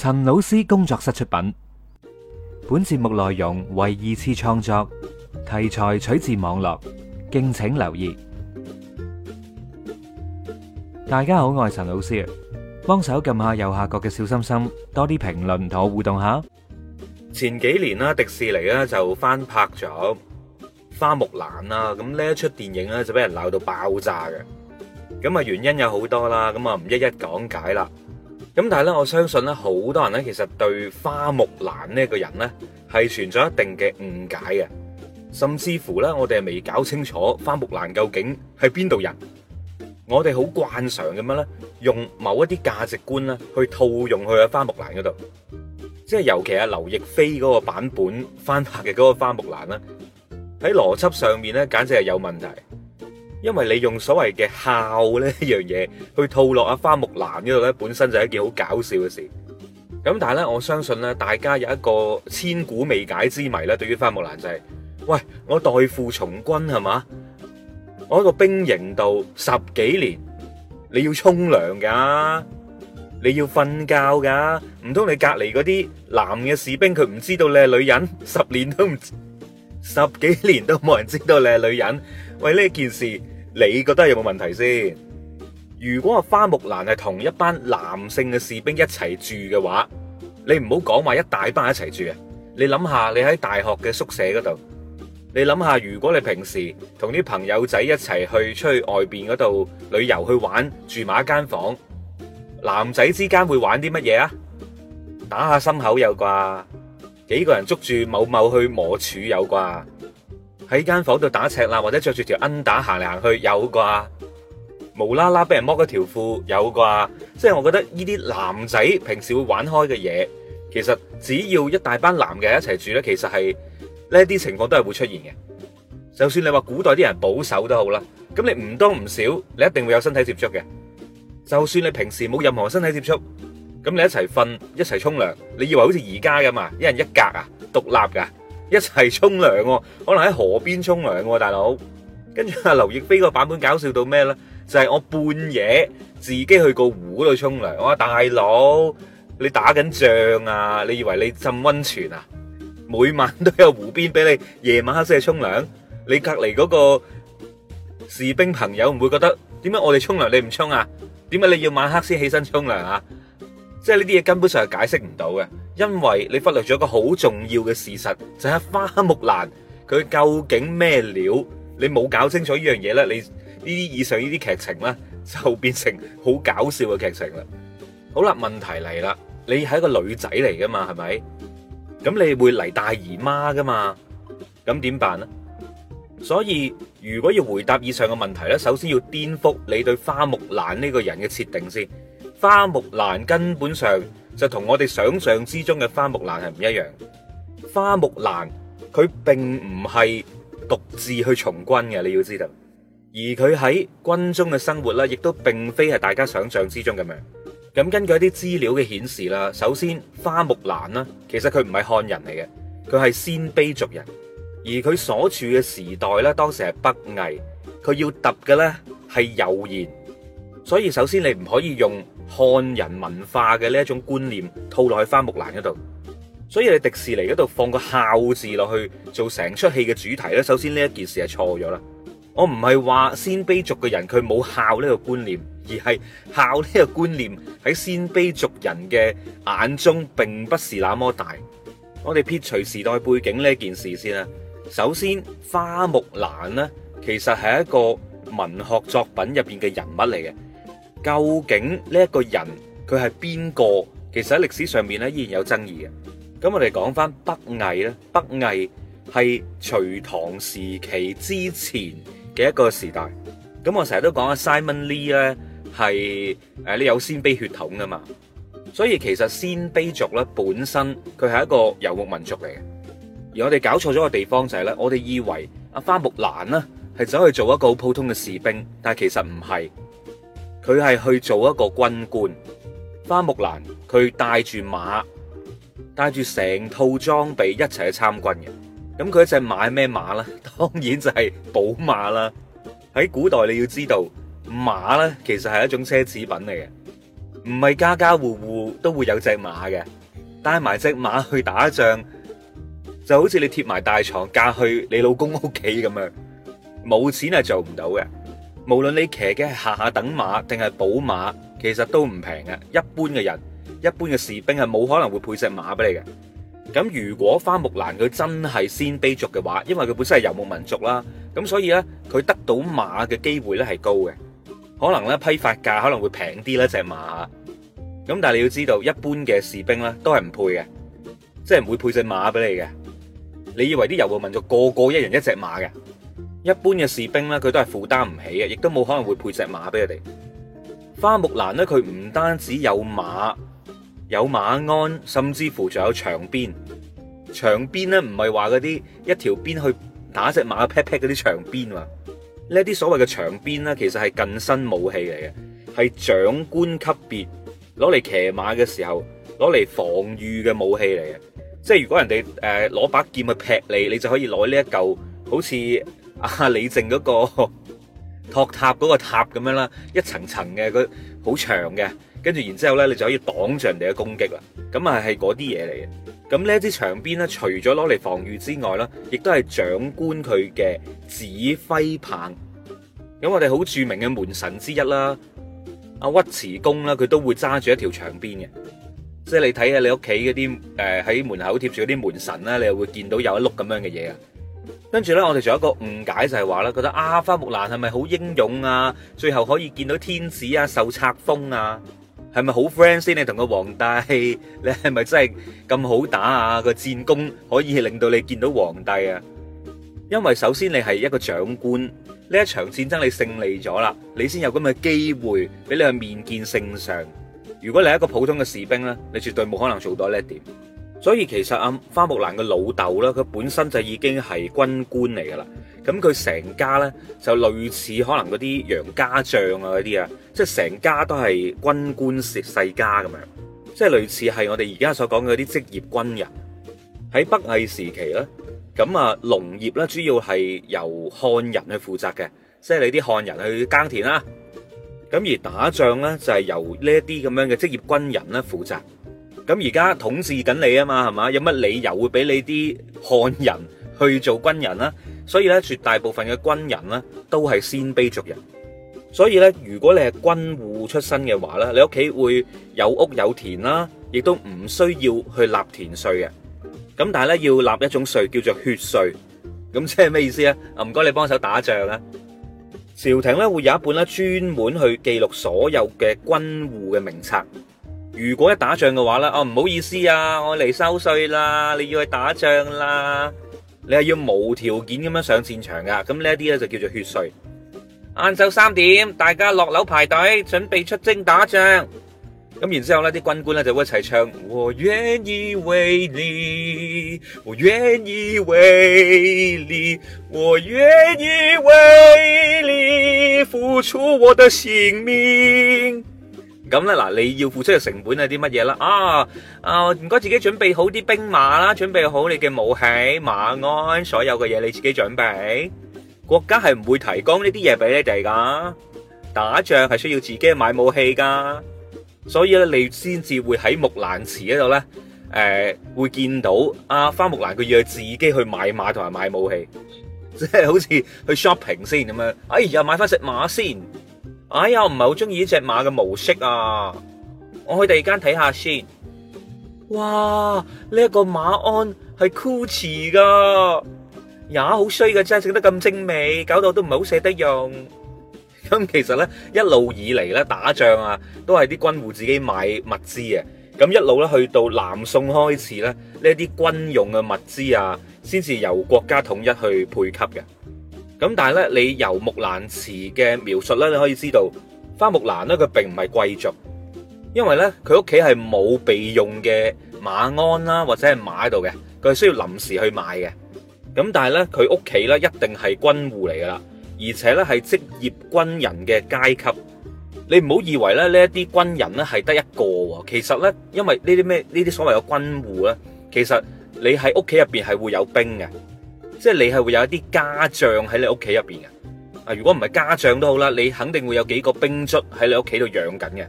陳老師工作室出品，本節目內容為二次創作，題材取自網絡，敬請留意。大家好，我係陳老師，幫手撳下右下角嘅小心心，多啲評論同我互動下。前幾年啦，迪士尼咧就翻拍咗花木蘭啦，咁呢一出電影咧就俾人鬧到爆炸嘅，咁啊原因有好多啦，咁啊唔一一講解啦。咁但係咧，我相信咧，好多人咧，其實對花木蘭呢個人咧，係存在一定嘅誤解嘅，甚至乎咧，我哋係未搞清楚花木蘭究竟係邊度人。我哋好慣常咁樣咧，用某一啲價值觀咧，去套用去喺花木蘭嗰度，即係尤其係劉亦菲嗰個版本翻拍嘅嗰個花木蘭啦，喺邏輯上面咧，簡直係有問題。因為你用所謂嘅孝呢一樣嘢去套落阿花木蘭嗰度咧，本身就係一件好搞笑嘅事。咁但係咧，我相信咧，大家有一個千古未解之謎咧，對於花木蘭就係，喂，我代父從軍係嘛？我喺個兵營度十幾年，你要沖涼噶，你要瞓覺噶，唔通你隔籬嗰啲男嘅士兵佢唔知道你係女人？十年都唔知，十幾年都冇人知道你係女人。喂，呢件事你覺得有冇問題先？如果阿花木蘭係同一班男性嘅士兵一齊住嘅話，你唔好講話一大班一齊住啊！你諗下，你喺大學嘅宿舍嗰度，你諗下，如果你平時同啲朋友仔一齊去出去外邊嗰度旅遊去玩，住埋一間房，男仔之間會玩啲乜嘢啊？打下心口有啩，幾個人捉住某某去磨柱有啩？喺間房度打赤啦，或者着住條恩打行嚟行去有啩，無啦啦俾人剝嗰條褲有啩，即係我覺得呢啲男仔平時會玩開嘅嘢，其實只要一大班男嘅一齊住呢其實係呢啲情況都係會出現嘅。就算你話古代啲人保守都好啦，咁你唔多唔少，你一定會有身體接觸嘅。就算你平時冇任何身體接觸，咁你一齊瞓一齊沖涼，你以為好似而家噶嘛？一人一格啊，獨立噶。一齊沖涼喎，可能喺河邊沖涼喎，大佬。跟住阿劉亦菲個版本搞笑到咩咧？就係我半夜自己去個湖度沖涼啊，大佬，你打緊仗啊？你以為你浸溫泉啊？每晚都有湖邊俾你夜晚黑先去沖涼。你隔籬嗰個士兵朋友唔會覺得點解我哋沖涼你唔沖啊？點解你要晚黑先起身沖涼啊？即係呢啲嘢根本上係解釋唔到嘅。因為你忽略咗一個好重要嘅事實，就係花木蘭佢究竟咩料？你冇搞清楚呢樣嘢呢？你呢啲以上呢啲劇情呢，就變成好搞笑嘅劇情啦。好啦，問題嚟啦，你係一個女仔嚟噶嘛，係咪？咁你會嚟大姨媽噶嘛？咁點辦呢？所以如果要回答以上嘅問題呢，首先要顛覆你對花木蘭呢個人嘅設定先。花木蘭根本上。就同我哋想象之中嘅花木蘭係唔一樣，花木蘭佢並唔係獨自去從軍嘅，你要知道，而佢喺軍中嘅生活咧，亦都並非係大家想象之中咁樣。咁根據一啲資料嘅顯示啦，首先花木蘭呢，其實佢唔係漢人嚟嘅，佢係鮮卑族人，而佢所處嘅時代咧，當時係北魏，佢要揼嘅咧係柔然。所以首先你唔可以用漢人文化嘅呢一種觀念套落去花木蘭嗰度，所以你的迪士尼嗰度放個孝字落去做成出戲嘅主題咧，首先呢一件事係錯咗啦。我唔係話鮮卑族嘅人佢冇孝呢個觀念，而係孝呢個觀念喺鮮卑族人嘅眼中並不是那麼大。我哋撇除時代背景呢一件事先啦。首先花木蘭咧，其實係一個文學作品入邊嘅人物嚟嘅。究竟呢一個人佢係邊個？其實喺歷史上面依然有爭議嘅。咁我哋講翻北魏呢，北魏係隋唐時期之前嘅一個時代。咁我成日都講啊 Simon Lee 呢係誒，你有鮮卑血統噶嘛？所以其實鮮卑族呢本身佢係一個游牧民族嚟嘅。而我哋搞錯咗個地方就係呢，我哋以為阿花木蘭呢係走去做一個好普通嘅士兵，但係其實唔係。佢係去做一個軍官，花木蘭佢帶住馬，帶住成套裝備一齊去參軍嘅。咁佢隻馬係咩馬咧？當然就係寶馬啦。喺古代你要知道，馬咧其實係一種奢侈品嚟嘅，唔係家家戶戶都會有隻馬嘅。帶埋隻馬去打仗，就好似你貼埋大床嫁去你老公屋企咁樣，冇錢係做唔到嘅。無論你騎嘅係下下等馬定係寶馬，其實都唔平嘅。一般嘅人，一般嘅士兵係冇可能會配隻馬俾你嘅。咁如果花木蘭佢真係鮮卑族嘅話，因為佢本身係遊牧民族啦，咁所以呢，佢得到馬嘅機會呢係高嘅，可能呢，批發價可能會平啲啦隻馬。咁但係你要知道，一般嘅士兵呢都係唔配嘅，即係唔會配隻馬俾你嘅。你以為啲遊牧民族個個一人一隻馬嘅？一般嘅士兵咧，佢都係負擔唔起嘅，亦都冇可能會配隻馬俾佢哋。花木蘭咧，佢唔單止有馬、有馬鞍，甚至乎仲有長鞭。長鞭咧，唔係話嗰啲一條鞭去打隻馬 pat pat 嗰啲長鞭啊。呢一啲所謂嘅長鞭咧，其實係近身武器嚟嘅，係長官級別攞嚟騎馬嘅時候攞嚟防禦嘅武器嚟嘅。即係如果人哋誒攞把劍去劈你，你就可以攞呢一嚿好似。啊，李靖嗰個托塔嗰個塔咁樣啦，一層層嘅，佢好長嘅，跟住然之後咧，你就可以擋住人哋嘅攻擊啦。咁啊係嗰啲嘢嚟嘅。咁呢一支長鞭咧，除咗攞嚟防禦之外咧，亦都係長官佢嘅指揮棒。咁我哋好著名嘅門神之一啦，阿尉遲恭啦，佢都會揸住一條長鞭嘅。即係你睇下你屋企嗰啲誒喺門口貼住嗰啲門神啦，你就會見到有一碌咁樣嘅嘢啊！跟住呢，我哋仲有一個誤解就係話呢，覺得阿、啊、花木蘭係咪好英勇啊？最後可以見到天子啊，受冊封啊，係咪好 friend 先？你同個皇帝，你係咪真係咁好打啊？個戰功可以令到你見到皇帝啊？因為首先你係一個長官，呢一場戰爭你勝利咗啦，你先有咁嘅機會俾你去面見聖上。如果你係一個普通嘅士兵呢，你絕對冇可能做到呢一點。所以其實啊，花木蘭嘅老豆咧，佢本身就已經係軍官嚟噶啦。咁佢成家咧就類似可能嗰啲楊家將啊嗰啲啊，即係成家都係軍官世家咁樣，即係類似係我哋而家所講嗰啲職業軍人。喺北魏時期咧，咁啊農業咧主要係由漢人去負責嘅，即係你啲漢人去耕田啦。咁而打仗咧就係由呢一啲咁樣嘅職業軍人咧負責。咁而家統治緊你啊嘛，係嘛？有乜理由會俾你啲漢人去做軍人咧？所以咧，絕大部分嘅軍人咧都係鮮卑族人。所以咧，如果你係軍戶出身嘅話咧，你屋企會有屋有田啦，亦都唔需要去納田稅嘅。咁但係咧，要納一種稅叫做血稅。咁即係咩意思呀？唔該，你幫手打仗啦。朝廷咧會有一本咧專門去記錄所有嘅軍戶嘅名冊。如果一打仗嘅話咧，哦，唔好意思啊，我嚟收稅啦，你要去打仗啦，你係要無條件咁樣上戰場噶。咁呢一啲咧，就叫做血稅。晏晝三點，大家落樓排隊準備出征打仗。咁然之後呢啲軍官咧，就會一齊唱，我願意為你，我願意為你，我願意為你，我願意為你付出我的性命咁咧，嗱，你要付出嘅成本係啲乜嘢啦？啊啊，唔該，自己準備好啲兵馬啦，準備好你嘅武器、馬鞍，所有嘅嘢你自己準備。國家係唔會提供呢啲嘢俾你哋噶，打仗係需要自己去買武器噶。所以咧，你先至會喺木蘭辭嗰度咧，誒、呃，會見到啊花木蘭佢要自己去買馬同埋買武器，即係好似去 shopping 先咁樣。哎呀，買翻隻馬先。哎呀，我唔係好中意呢隻馬嘅模式啊！我去第二間睇下先。哇，呢、這、一個馬鞍係 Gucci 噶，也好衰㗎。真係整得咁精美，搞到都唔係好捨得用。咁其實呢，一路以嚟呢打仗啊，都係啲軍戶自己買物資嘅。咁一路呢去到南宋開始呢，呢啲軍用嘅物資啊，先至由國家統一去配給嘅。咁但係咧，你由《木蘭詞》嘅描述咧，你可以知道花木蘭咧，佢並唔係貴族，因為咧佢屋企係冇備用嘅馬鞍啦，或者係馬喺度嘅，佢係需要臨時去買嘅。咁但係咧，佢屋企咧一定係軍戶嚟噶啦，而且咧係職業軍人嘅階級。你唔好以為咧呢一啲軍人咧係得一個喎？其實咧因為呢啲咩呢啲所謂嘅軍戶咧，其實你喺屋企入面係會有兵嘅。即係你係會有一啲家將喺你屋企入邊嘅，啊如果唔係家將都好啦，你肯定會有幾個兵卒喺你屋企度養緊嘅。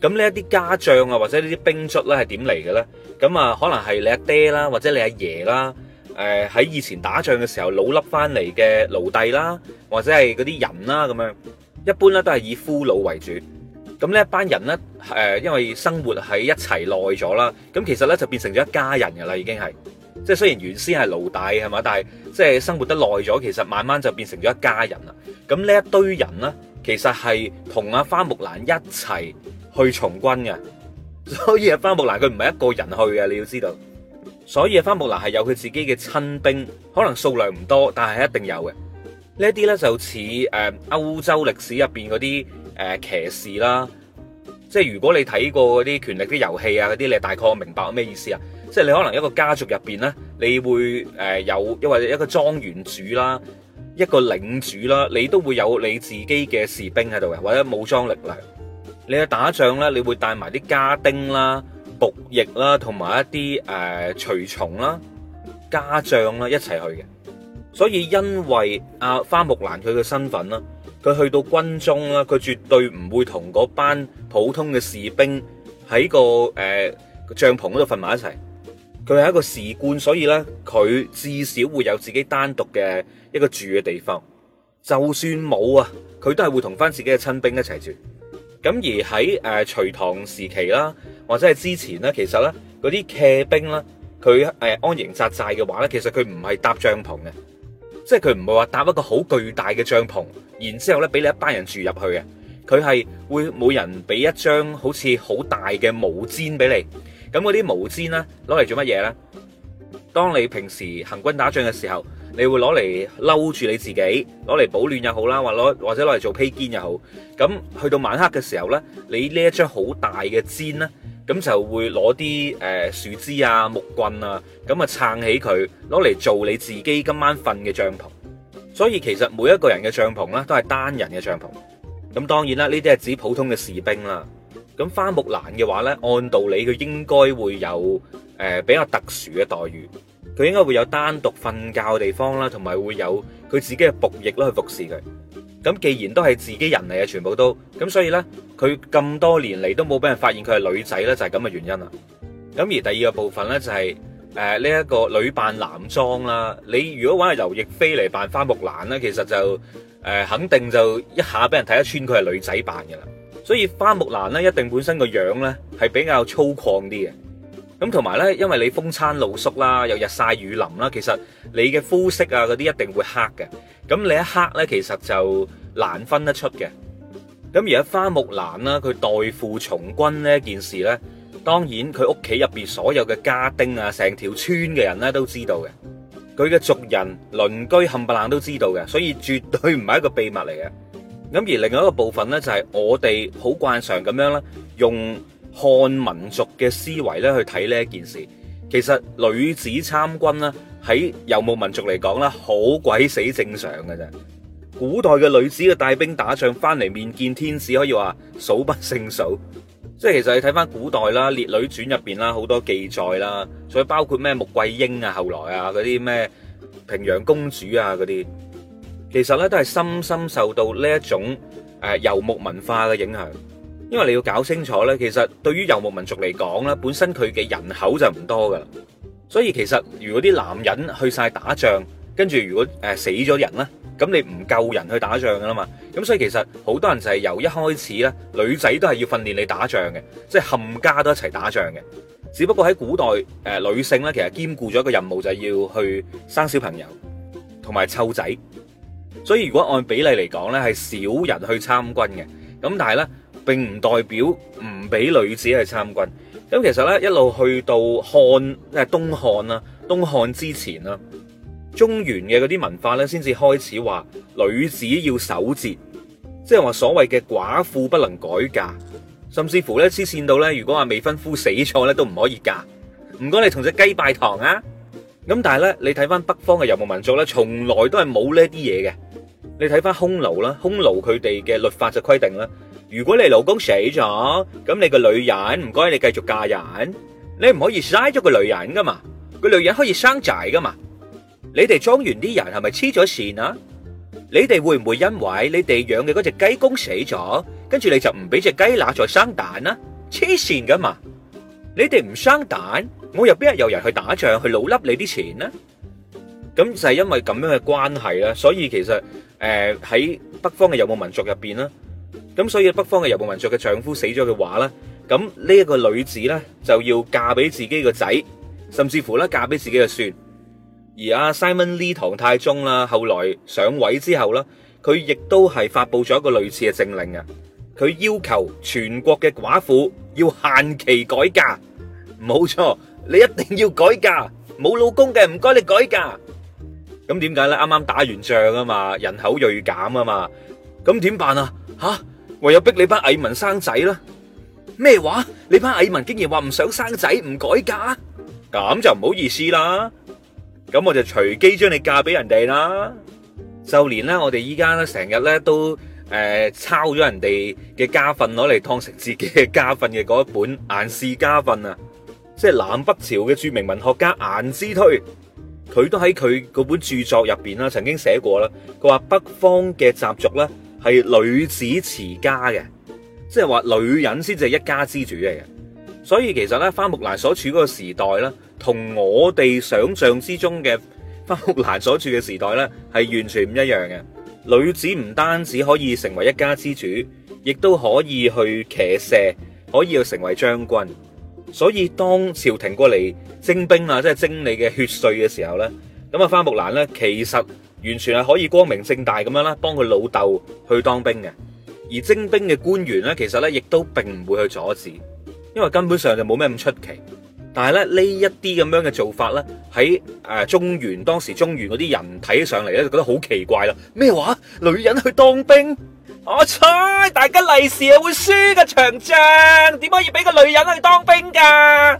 咁呢一啲家將啊，或者呢啲兵卒咧係點嚟嘅咧？咁啊，可能係你阿爹啦，或者你阿爺啦，誒、呃、喺以前打仗嘅時候老笠翻嚟嘅奴隸啦，或者係嗰啲人啦咁樣，一般咧都係以俘虜為主。咁呢一班人咧，誒因為生活喺一齊耐咗啦，咁其實咧就變成咗一家人嘅啦，已經係。即係雖然原先係奴隸係嘛，但係即係生活得耐咗，其實慢慢就變成咗一家人啦。咁呢一堆人呢，其實係同阿花木蘭一齊去從軍嘅。所以阿花木蘭佢唔係一個人去嘅，你要知道。所以阿花木蘭係有佢自己嘅親兵，可能數量唔多，但係一定有嘅。呢一啲呢，就似誒歐洲歷史入面嗰啲誒騎士啦。即係如果你睇過嗰啲權力啲遊戲啊嗰啲，你大概明白咩意思啊？即係你可能一個家族入邊咧，你會誒有，又或者一個莊園主啦，一個領主啦，你都會有你自己嘅士兵喺度嘅，或者武裝力量。你去打仗咧，你會帶埋啲家丁啦、僕役啦，同埋一啲誒隨從啦、家將啦一齊去嘅。所以因為阿、啊、花木蘭佢嘅身份啦，佢去到軍中啦，佢絕對唔會同嗰班普通嘅士兵喺個誒、呃、帳篷嗰度瞓埋一齊。佢係一個士官，所以呢，佢至少會有自己單獨嘅一個住嘅地方。就算冇啊，佢都係會同翻自己嘅親兵一齊住。咁而喺誒隋唐時期啦，或者係之前呢，其實呢，嗰啲騎兵啦，佢誒、呃、安營紮寨嘅話呢，其實佢唔係搭帳篷嘅，即係佢唔會話搭一個好巨大嘅帳篷，然之後呢，俾你一班人住入去嘅。佢係會每人俾一張好似好大嘅毛氈俾你。咁嗰啲毛氈咧，攞嚟做乜嘢咧？當你平時行軍打仗嘅時候，你會攞嚟褸住你自己，攞嚟保暖又好啦，或攞或者攞嚟做披肩又好。咁去到晚黑嘅時候咧，你呢一張好大嘅氈咧，咁就會攞啲誒樹枝啊、木棍啊，咁啊撐起佢，攞嚟做你自己今晚瞓嘅帳篷。所以其實每一個人嘅帳篷咧，都係單人嘅帳篷。咁當然啦，呢啲係指普通嘅士兵啦。咁花木蘭嘅話呢，按道理佢應該會有誒、呃、比較特殊嘅待遇，佢應該會有單獨瞓覺嘅地方啦，同埋會有佢自己嘅僕役啦去服侍佢。咁既然都係自己人嚟嘅，全部都咁，所以呢，佢咁多年嚟都冇俾人發現佢係女仔呢，就係咁嘅原因啦。咁而第二個部分呢，就係誒呢一個女扮男裝啦。你如果玩係劉亦菲嚟扮花木蘭呢，其實就誒、呃、肯定就一下俾人睇得穿佢係女仔扮嘅啦。所以花木蘭咧，一定本身個樣咧係比較粗獷啲嘅。咁同埋咧，因為你風餐露宿啦，又日曬雨淋啦，其實你嘅膚色啊嗰啲一定會黑嘅。咁你一黑咧，其實就難分得出嘅。咁而家花木蘭啦，佢代父從軍呢件事咧，當然佢屋企入邊所有嘅家丁啊，成條村嘅人咧都知道嘅。佢嘅族人、鄰居冚唪唥都知道嘅，所以絕對唔係一個秘密嚟嘅。咁而另外一個部分咧，就係我哋好慣常咁樣咧，用漢民族嘅思維咧去睇呢一件事。其實女子參軍咧，喺遊牧民族嚟講咧，好鬼死正常嘅啫。古代嘅女子嘅帶兵打仗翻嚟面見天子，可以話數不勝數。即係其實你睇翻古代啦，《列女傳》入邊啦，好多記載啦。所以包括咩穆桂英啊、後來啊嗰啲咩平陽公主啊嗰啲。其實咧都係深深受到呢一種誒遊牧文化嘅影響，因為你要搞清楚咧，其實對於遊牧民族嚟講咧，本身佢嘅人口就唔多噶，所以其實如果啲男人去晒打仗，跟住如果誒死咗人咧，咁你唔夠人去打仗噶啦嘛，咁所以其實好多人就係由一開始咧，女仔都係要訓練你打仗嘅，即係冚家都一齊打仗嘅，只不過喺古代誒、呃、女性咧，其實兼顧咗一個任務，就係要去生小朋友同埋湊仔。所以如果按比例嚟講呢係少人去參軍嘅。咁但係呢，並唔代表唔俾女子去參軍。咁其實呢，一路去到漢誒東漢啦，東漢之前啦，中原嘅嗰啲文化呢，先至開始話女子要守節，即係話所謂嘅寡婦不能改嫁，甚至乎呢，黐線到呢，如果阿未婚夫死咗呢，都唔可以嫁。唔該你同隻雞拜堂啊！咁但係咧，你睇翻北方嘅遊牧民族咧，從來都係冇呢啲嘢嘅。你睇翻匈奴啦，匈奴佢哋嘅律法就規定啦，如果你老公死咗，咁你個女人唔該你繼續嫁人，你唔可以嘥咗個女人噶嘛，個女人可以生仔噶嘛。你哋莊園啲人係咪黐咗線啊？你哋會唔會因為你哋養嘅嗰隻雞公死咗，跟住你就唔俾隻雞乸再生蛋啊？黐線噶嘛！你哋唔生蛋，我又邊有有人去打仗去老笠你啲錢呢？咁就係因為咁樣嘅關係啦，所以其實誒喺、呃、北方嘅遊牧民族入邊啦，咁所以北方嘅遊牧民族嘅丈夫死咗嘅話啦，咁呢一個女子呢，就要嫁俾自己個仔，甚至乎咧，嫁俾自己嘅孫。而阿 Simon Lee 唐太宗啦，後來上位之後啦，佢亦都係發布咗一個類似嘅政令啊，佢要求全國嘅寡婦。要限期改嫁，冇錯，你一定要改嫁，冇老公嘅唔該你改嫁。咁點解咧？啱啱打完仗啊嘛，人口銳減啊嘛，咁點辦啊？吓，唯有逼你班蟻民生仔啦。咩話？你班蟻民竟然話唔想生仔，唔改嫁，咁就唔好意思啦。咁我就隨機將你嫁俾人哋啦。就連咧，我哋依家咧，成日咧都。誒，抄咗人哋嘅家訓攞嚟當成自己嘅家訓嘅嗰一本《顏氏家訓》啊，即係南北朝嘅著名文學家顏之推，佢都喺佢嗰本著作入邊啦，曾經寫過啦，佢話北方嘅習俗咧，係女子持家嘅，即係話女人先至係一家之主嚟嘅，所以其實咧花木蘭所處嗰個時代咧，同我哋想象之中嘅花木蘭所處嘅時代咧，係完全唔一樣嘅。女子唔單止可以成為一家之主，亦都可以去騎射，可以去成為將軍。所以當朝廷過嚟征兵啊，即係征你嘅血稅嘅時候呢，咁啊花木蘭呢，其實完全係可以光明正大咁樣啦，幫佢老豆去當兵嘅。而征兵嘅官員呢，其實呢亦都並唔會去阻止，因為根本上就冇咩咁出奇。但係咧，呢一啲咁樣嘅做法咧，喺、呃、中原當時中原嗰啲人睇上嚟咧，就覺得好奇怪啦！咩話？女人去當兵？我猜大家利是啊會輸嘅場仗，點可以俾個女人去當兵㗎？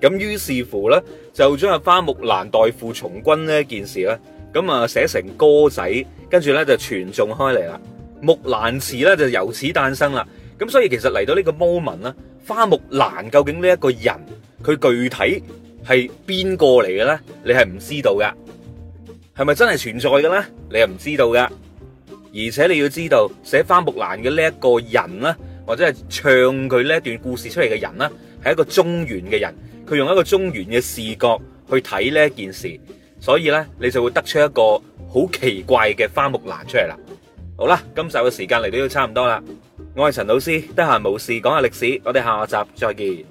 咁於是乎咧，就將阿花木蘭代父從軍呢一件事咧，咁啊寫成歌仔，跟住咧就傳頌開嚟啦。木蘭詞咧就由此誕生啦。咁所以其實嚟到呢個 moment 啦，花木蘭究竟呢一個人？佢具體係邊個嚟嘅咧？你係唔知道噶？係咪真係存在嘅咧？你係唔知道噶？而且你要知道寫花木蘭嘅呢一個人咧，或者係唱佢呢一段故事出嚟嘅人咧，係一個中原嘅人，佢用一個中原嘅視角去睇呢一件事，所以咧你就會得出一個好奇怪嘅花木蘭出嚟啦。好啦，今集嘅時間嚟到都差唔多啦，我係陳老師，得閒冇事講下歷史，我哋下集再見。